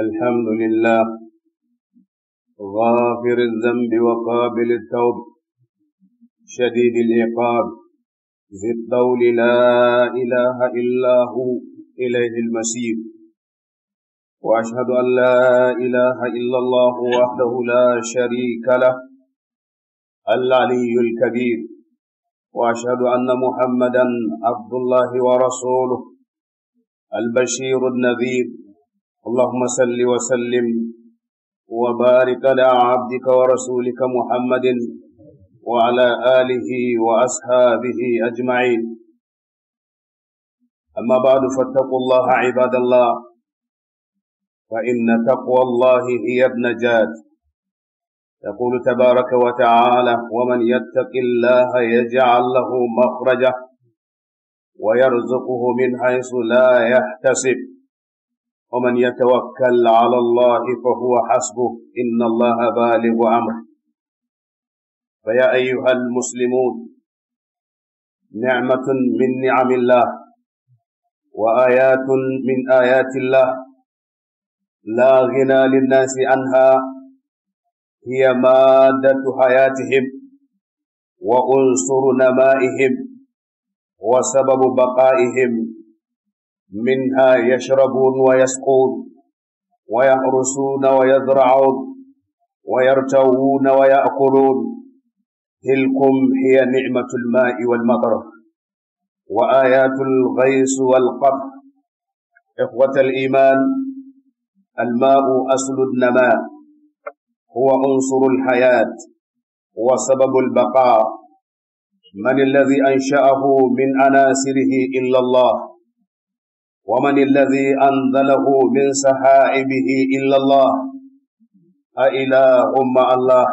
الحمد لله غافر الذنب وقابل التوب شديد العقاب ذي الطول لا إله إلا هو إليه المسير وأشهد أن لا إله إلا الله وحده لا شريك له العلي الكبير وأشهد أن محمدا عبد الله ورسوله البشير النذير اللهم صل وسلم وبارك على عبدك ورسولك محمد وعلى آله وأصحابه أجمعين أما بعد فاتقوا الله عباد الله فإن تقوى الله هي النجاة يقول تبارك وتعالى ومن يتق الله يجعل له مخرجه ويرزقه من حيث لا يحتسب ومن يتوكل على الله فهو حسبه إن الله بالغ أمره فيا أيها المسلمون نعمة من نعم الله وآيات من آيات الله لا غنى للناس عنها هي مادة حياتهم وانصر نمائهم وسبب بقائهم منها يشربون ويسقون ويحرسون ويزرعون ويرتوون ويأكلون تلكم هي نعمة الماء والمطر وآيات الغيث والقطر إخوة الإيمان الماء أصل النماء هو عنصر الحياة وسبب البقاء من الذي أنشأه من أناسره إلا الله ومن الذي أنزله من سحائبه إلا الله أإله مع الله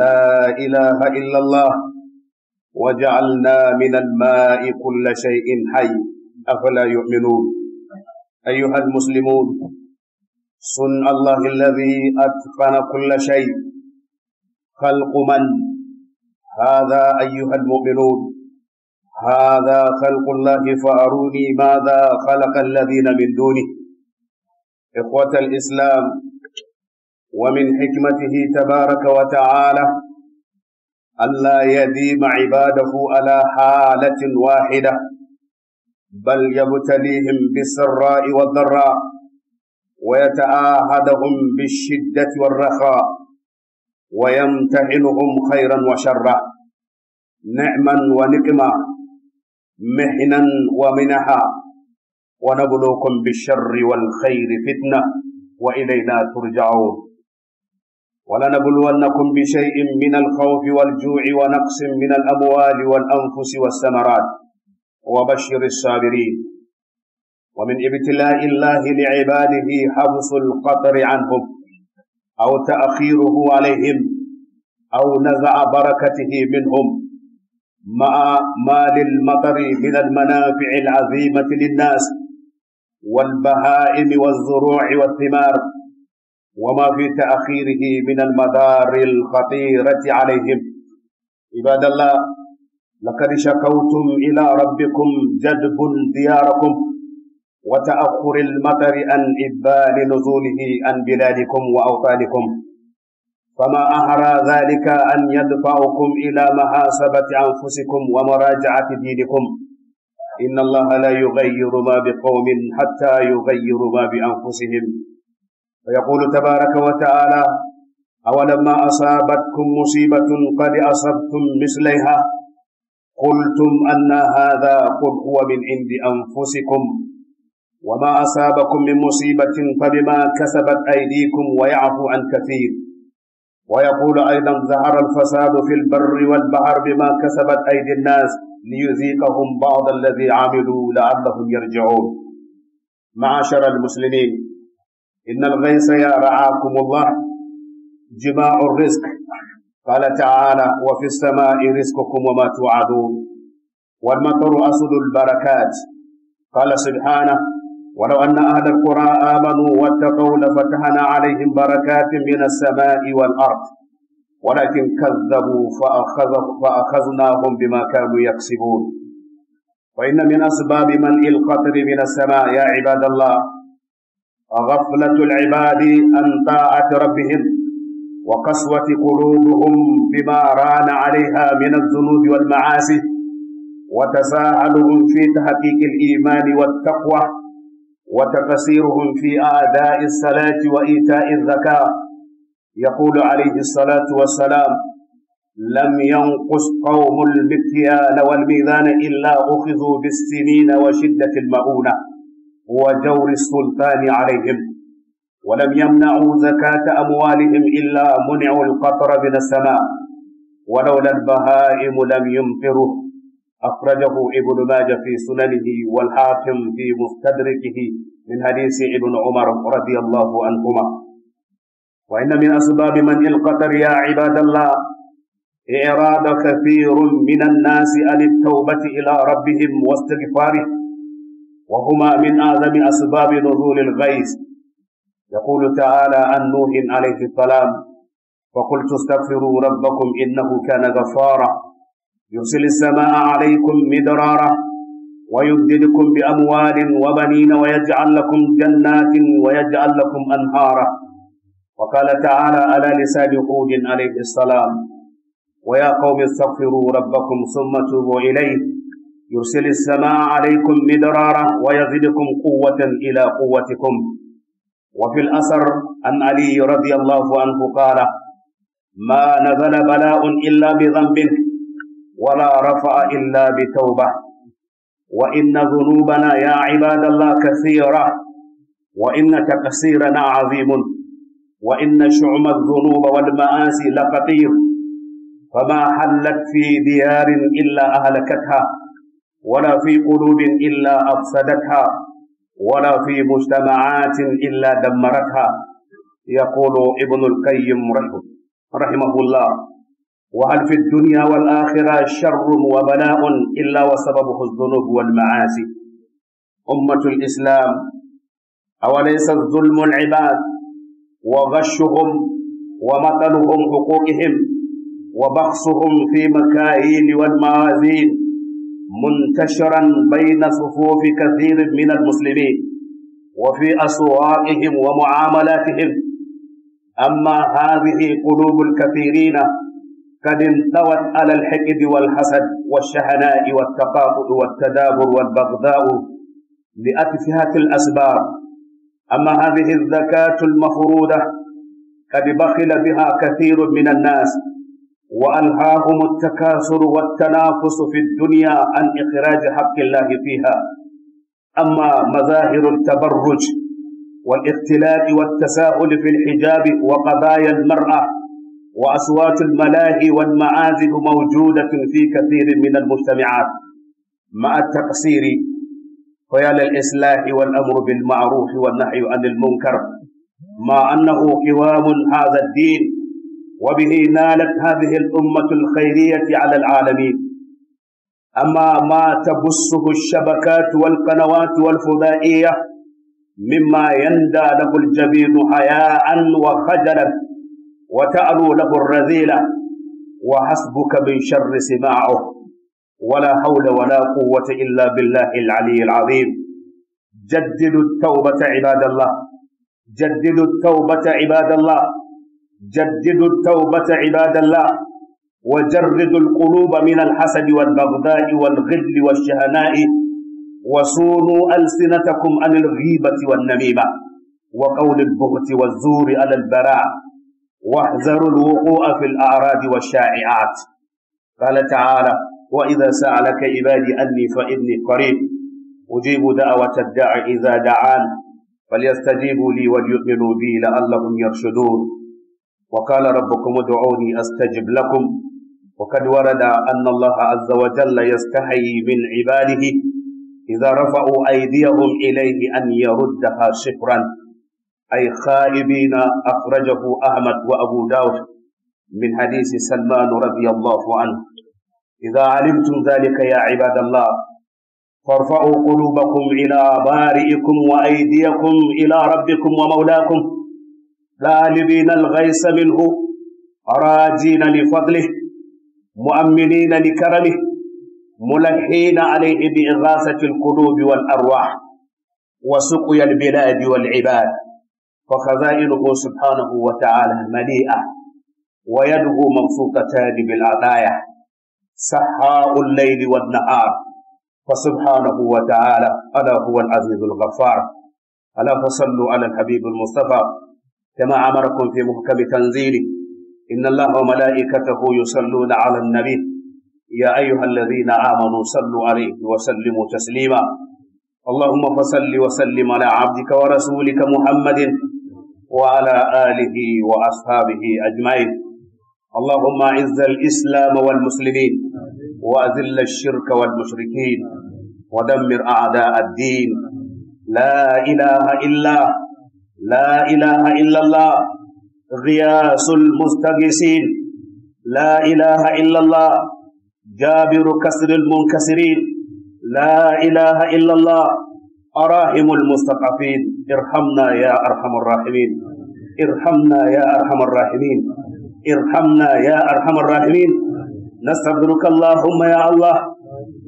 لا إله إلا الله وجعلنا من الماء كل شيء حي أفلا يؤمنون أيها المسلمون صنع الله الذي أتقن كل شيء خلق من هذا أيها المؤمنون هذا خلق الله فأروني ماذا خلق الذين من دونه إخوة الإسلام ومن حكمته تبارك وتعالى ألا يديم عباده على حالة واحدة بل يبتليهم بالسراء والضراء ويتآهدهم بالشدة والرخاء ويمتحنهم خيرا وشرا نعما ونقما محنا ومنحا ونبلوكم بالشر والخير فتنة وإلينا ترجعون ولنبلونكم بشيء من الخوف والجوع ونقص من الأموال والأنفس والثمرات وبشر الصابرين ومن ابتلاء الله لعباده حبس القطر عنهم أو تأخيره عليهم أو نزع بركته منهم مع ما للمطر من المنافع العظيمة للناس والبهائم والزروع والثمار وما في تأخيره من المدار الخطيرة عليهم عباد الله لقد شكوتم إلى ربكم جدب دياركم وتأخر المطر عن إبال نزوله عن بلادكم وأوطانكم فما أحرى ذلك أن يدفعكم إلى محاسبة أنفسكم ومراجعة دينكم إن الله لا يغير ما بقوم حتى يغيروا ما بأنفسهم فيقول تبارك وتعالى أولما أصابتكم مصيبة قد أصبتم مثليها قلتم أن هذا قل هو من عند أنفسكم وما أصابكم من مصيبة فبما كسبت أيديكم ويعفو عن كثير ويقول أيضا ظهر الفساد في البر والبحر بما كسبت أيدي الناس ليذيقهم بعض الذي عملوا لعلهم يرجعون معاشر المسلمين إن الغيث رعاكم الله جماع الرزق قال تعالى وفي السماء رزقكم وما توعدون والمطر أسد البركات قال سبحانه ولو أن أهل القرى آمنوا واتقوا لفتحنا عليهم بركات من السماء والأرض ولكن كذبوا فأخذناهم بما كانوا يكسبون فإن من أسباب من القطر من السماء يا عباد الله غفلة العباد عن طاعة ربهم وقسوة قلوبهم بما ران عليها من الذنوب والمعاصي وتساهلهم في تحقيق الإيمان والتقوى وتقصيرهم في أداء الصلاة وإيتاء الزكاة يقول عليه الصلاة والسلام لم ينقص قوم المكيال والميزان إلا أخذوا بالسنين وشدة المؤونة وجور السلطان عليهم ولم يمنعوا زكاة أموالهم إلا منعوا القطر من السماء ولولا البهائم لم يمطروا أخرجه ابن ماجه في سننه والحاكم في مستدركه من حديث ابن عمر رضي الله عنهما وإن من أسباب من القدر يا عباد الله إعراض كثير من الناس عن التوبة إلى ربهم واستغفاره وهما من أعظم أسباب نزول الغيث يقول تعالى عن نوح عليه السلام فقلت استغفروا ربكم إنه كان غفارا يرسل السماء عليكم مدرارا ويمددكم بأموال وبنين ويجعل لكم جنات ويجعل لكم أنهارا وقال تعالى على لسان هود عليه السلام ويا قوم استغفروا ربكم ثم توبوا إليه يرسل السماء عليكم مدرارا ويزدكم قوة إلى قوتكم وفي الأثر عن علي رضي الله عنه قال ما نزل بلاء إلا بذنبه ولا رفع إلا بتوبة وإن ذنوبنا يا عباد الله كثيرة وإن تقصيرنا عظيم وإن شعم الذنوب والمآسي لخطير فما حلت في ديار إلا أهلكتها ولا في قلوب إلا أفسدتها ولا في مجتمعات إلا دمرتها يقول ابن القيم رحمه الله وهل في الدنيا والآخرة شر وبلاء إلا وسببه الذنوب والمعاصي أمة الإسلام أوليس الظلم العباد وغشهم ومثلهم حقوقهم وبخسهم في مكاين والموازين منتشرا بين صفوف كثير من المسلمين وفي أسواقهم ومعاملاتهم أما هذه قلوب الكثيرين قد انطوت على الحقد والحسد والشحناء والتقاطع والتدابر والبغضاء لأتفهة الأسباب أما هذه الزكاة المفروضة قد بخل بها كثير من الناس وألهاهم التكاثر والتنافس في الدنيا عن إخراج حق الله فيها أما مظاهر التبرج والاختلاء والتساهل في الحجاب وقضايا المرأة وأصوات الملاهي والمعازف موجودة في كثير من المجتمعات مع التقصير فيا للإصلاح والأمر بالمعروف والنهي عن المنكر مع أنه قوام هذا الدين وبه نالت هذه الأمة الخيرية على العالمين أما ما تبصه الشبكات والقنوات والفضائية مما يندى له الجبين حياء وخجلا وتألو له الرذيلة وحسبك من شر سماعه ولا حول ولا قوة إلا بالله العلي العظيم جددوا التوبة عباد الله جددوا التوبة عباد الله جددوا التوبة عباد الله وجردوا القلوب من الحسد والبغضاء والغل والشهناء وصونوا ألسنتكم عن الغيبة والنميمة وقول البغت والزور على البراء واحذروا الوقوع في الأعراض والشائعات قال تعالى وإذا سألك عبادي أني فإني قريب أجيب دعوة الداع إذا دعان فليستجيبوا لي وليؤمنوا بي لعلهم يرشدون وقال ربكم ادعوني أستجب لكم وقد ورد أن الله عز وجل يستحيي من عباده إذا رفعوا أيديهم إليه أن يردها شكرا أي خائبين أخرجه أحمد وأبو داود من حديث سلمان رضي الله عنه إذا علمتم ذلك يا عباد الله فارفعوا قلوبكم إلى بارئكم وأيديكم إلى ربكم ومولاكم غالبين الغيث منه راجين لفضله مؤمنين لكرمه ملحين عليه بإغاثة القلوب والأرواح وسقيا البلاد والعباد فخزائنه سبحانه وتعالى مليئة ويده مبسوطتان بالعطايا سحاء الليل والنهار فسبحانه وتعالى ألا هو العزيز الغفار ألا فصلوا على الحبيب المصطفى كما أمركم في محكم تنزيله إن الله وملائكته يصلون على النبي يا أيها الذين آمنوا صلوا عليه وسلموا تسليما اللهم فصل وسلم على عبدك ورسولك محمد وعلى آله وأصحابه أجمعين اللهم أعز الإسلام والمسلمين وأذل الشرك والمشركين ودمر أعداء الدين لا إله إلا لا إله إلا الله غياس المستغيثين لا إله إلا الله جابر كسر المنكسرين لا إله إلا الله أراهم المستضعفين ارحمنا يا أرحم الراحمين ارحمنا يا أرحم الراحمين ارحمنا يا أرحم الراحمين نستغفرك اللهم يا الله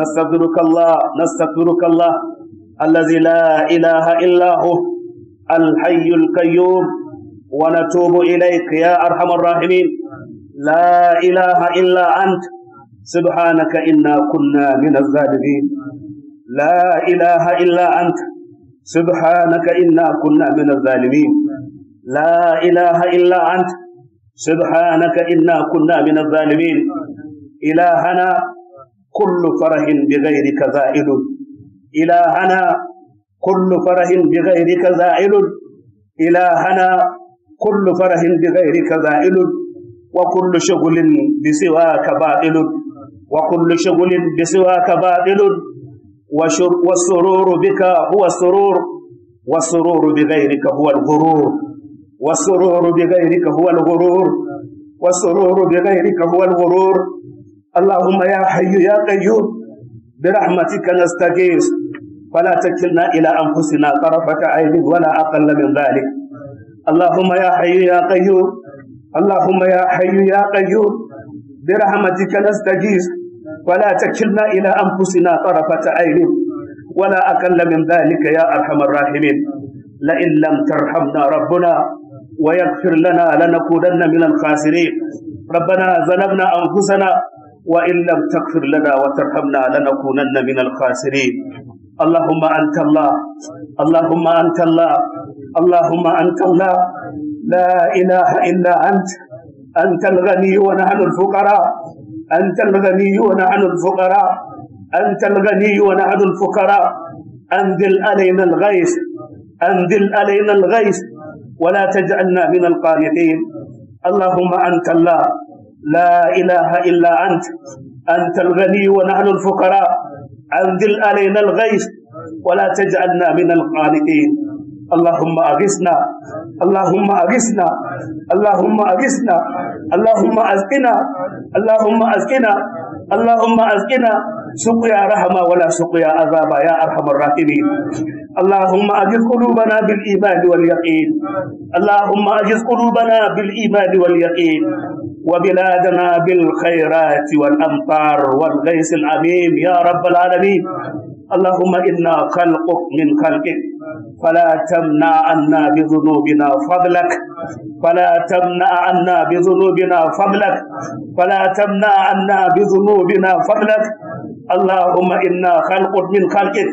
نستغفرك الله نستغفرك الله الذي لا إله إلا هو الحي القيوم ونتوب إليك يا أرحم الراحمين لا إله إلا أنت سبحانك إنا كنا من الظالمين لا إله إلا أنت سبحانك إنا كنا من الظالمين لا إله إلا أنت سبحانك إنا كنا من الظالمين إلهنا كل فرح بغيرك زائل إلهنا كل فرح بغيرك زائل إلهنا كل فرح بغيرك زائل وكل شغل بسواك باطل وكل شغل بسواك باطل والسرور بك هو السرور والسرور بغيرك هو الغرور والسرور بغيرك هو الغرور والسرور بغيرك هو الغرور اللهم يا حي يا قيوم برحمتك نستغيث فلا تكلنا إلى أنفسنا طرفة عين ولا أقل من ذلك اللهم يا حي يا قيوم اللهم يا حي يا قيوم برحمتك نستغيث ولا تكلنا إلى أنفسنا طرفة عين ولا أقل من ذلك يا أرحم الراحمين لئن لم ترحمنا ربنا ويغفر لنا لنكونن من الخاسرين ربنا ظلمنا أنفسنا وإن لم تغفر لنا وترحمنا لنكونن من الخاسرين اللهم أنت الله اللهم أنت الله اللهم أنت الله لا إله إلا أنت أنت الغني ونحن الفقراء أنت الغني ونحن الفقراء أنت الغني ونحن الفقراء أنزل علينا الغيث أنزل علينا الغيث ولا تجعلنا من القانطين اللهم أنت الله لا إله إلا أنت أنت الغني ونحن الفقراء أنزل علينا الغيث ولا تجعلنا من القانطين اللهم أغثنا اللهم أغثنا اللهم أغثنا اللهم أسقنا اللهم أسقنا اللهم أسقنا سقيا رحمة ولا سقيا عذاب يا أرحم الراحمين اللهم أجز قلوبنا بالإيمان واليقين اللهم أجز قلوبنا بالإيمان واليقين وبلادنا بالخيرات والأمطار والغيث العميم يا رب العالمين اللهم إنا خلقك من خلقك فلا تمنع عنا بذنوبنا فضلك فلا تمنع عنا بذنوبنا فضلك فلا تمنع عنا بذنوبنا فضلك اللهم إنا خلق من خلقك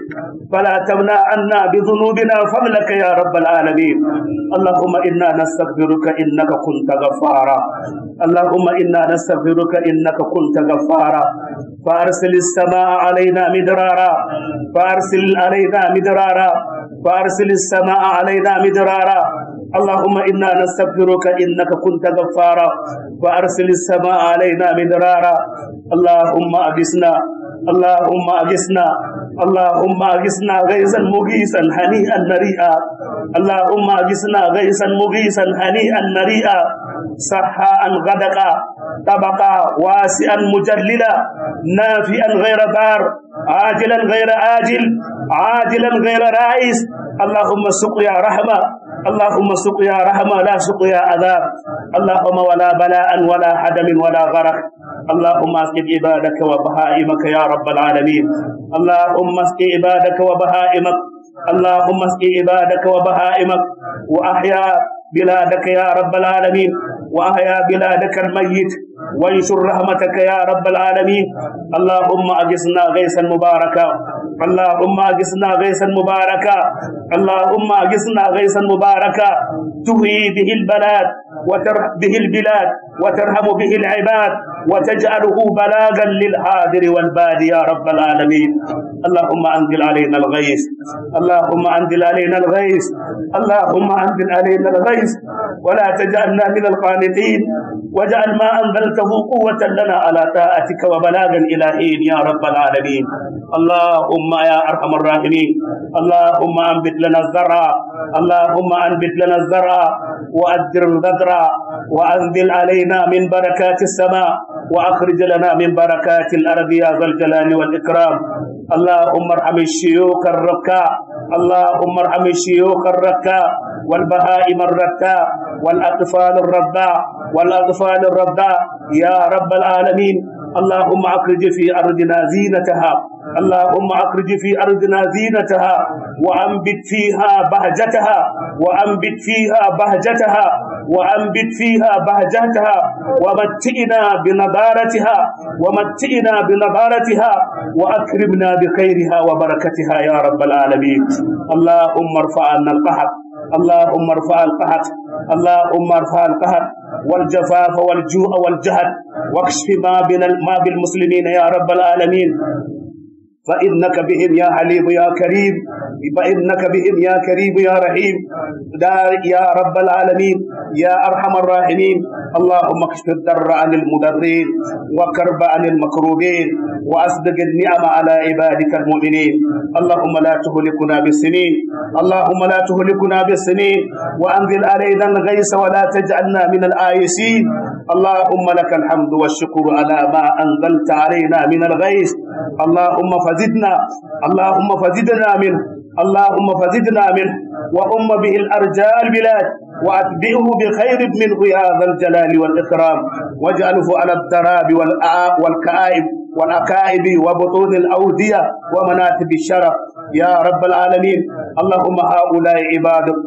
فلا تمنع عنا بذنوبنا فضلك يا رب العالمين اللهم إنا نستغفرك إنك كنت غفارا اللهم إنا نستغفرك إنك كنت غفارا فأرسل السماء علينا مدرارا فأرسل علينا مدرارا فأرسل السماء علينا مدرارا اللهم إنا نستغفرك إنك كنت غفارا فأرسل السماء علينا مدرارا اللهم أغثنا اللهم أغثنا اللهم أغثنا غيثا مغيثا هنيئا مريئا اللهم أغثنا غيثا مغيثا هنيئا مريئا سحاء غدقا طبقا واسعا مجللا نافئا غير دار عاجلا غير آجل عاجلا غير رائس اللهم سقيا رحمة اللهم سقيا رحمة لا سقيا عذاب اللهم ولا بلاء ولا حدم ولا غرق اللهم اسقي عبادك وبهائمك يا رب العالمين اللهم اسقي عبادك وبهائمك اللهم اسقي عبادك وبهائمك واحيا بلادك يا رب العالمين واحيا بلادك الميت وانشر رحمتك يا رب العالمين اللهم اجسنا غيثا مباركا اللهم اجسنا غيثا مباركا اللهم اجسنا غيثا مباركا تهي به البلاد وترح به البلاد وترحم به العباد وتجعله بلاغا للحاضر والباد يا رب العالمين اللهم انزل علينا الغيث اللهم انزل علينا الغيث اللهم انزل علينا الغيث ولا تجعلنا من القانتين واجعل ما انزلت جعلته قوة لنا على طاعتك وبلاغا إلى حين يا رب العالمين اللهم يا أرحم الراحمين اللهم أنبت لنا الزرع اللهم أنبت لنا الزرع وأدر الغدر وأنزل علينا من بركات السماء وأخرج لنا من بركات الأرض يا ذا الجلال والإكرام اللهم ارحم الشيوخ الركاء اللهم ارحم الشيوخ الركاء والبهائم الركاء والأطفال الرباع والأطفال الرباع يا رب العالمين اللهم أخرج في أرضنا زينتها اللهم أخرج في أرضنا زينتها وأنبت فيها بهجتها وأنبت فيها بهجتها وأنبت فيها بهجتها ومتئنا بنضارتها ومتئنا بنضارتها وأكرمنا بخيرها وبركتها يا رب العالمين اللهم ارفع عنا القهر اللهم ارفع القهر اللهم ارفع القهر والجفاف والجوع والجهد واكشف ما بين ما بالمسلمين يا رب العالمين فإنك بهم يا حليم يا كريم فإنك بهم يا كريم يا رحيم يا رب العالمين يا أرحم الراحمين اللهم اكشف الضر عن المضرين وكرب عن المكروبين وأصدق النعم على عبادك المؤمنين اللهم لا تهلكنا بالسنين اللهم لا تهلكنا بالسنين وأنزل علينا الغيث ولا تجعلنا من الآيسين اللهم لك الحمد والشكر على ما أنزلت علينا من الغيث اللهم فزدنا اللهم فزدنا منه اللهم فزدنا منه وأم به الأرجاء البلاد وأتبئه بخير منه يا ذا الجلال والإكرام واجعله على التراب والكائب والأكائب وبطون الأودية ومناتب الشرف يا رب العالمين اللهم هؤلاء عبادك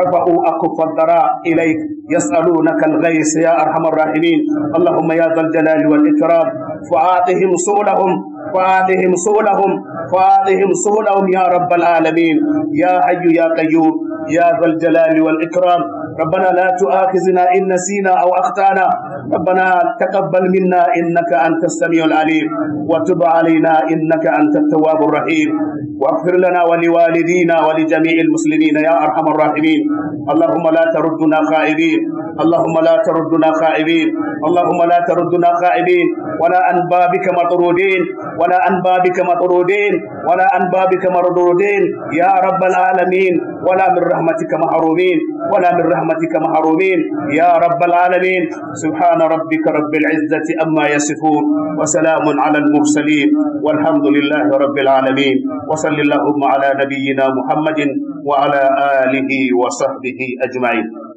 رفعوا أكف الضراء إليك يسألونك الغيث يا أرحم الراحمين اللهم يا ذا الجلال والإكرام فآتهم سؤلهم فآتهم سؤلهم فآتهم سؤلهم يا رب العالمين يا حي يا قيوم يا ذا الجلال والإكرام ربنا لا تؤاخذنا إن نسينا أو أخطأنا ربنا تقبل منا إنك أنت السميع العليم وتب علينا إنك أنت التواب الرحيم واغفر لنا ولوالدينا ولجميع المسلمين يا ارحم الراحمين اللهم لا تردنا خائبين اللهم لا تردنا خائبين اللهم لا تردنا خائبين ولا عن بابك مطرودين ولا عن بابك مطرودين ولا عن بابك مردودين يا رب العالمين ولا من رحمتك محرومين ولا من رحمتك محرومين يا رب العالمين سبحان ربك رب العزه اما يصفون وسلام على المرسلين والحمد لله رب العالمين وسلام وصل اللهم على نبينا محمد وعلى آله وصحبه أجمعين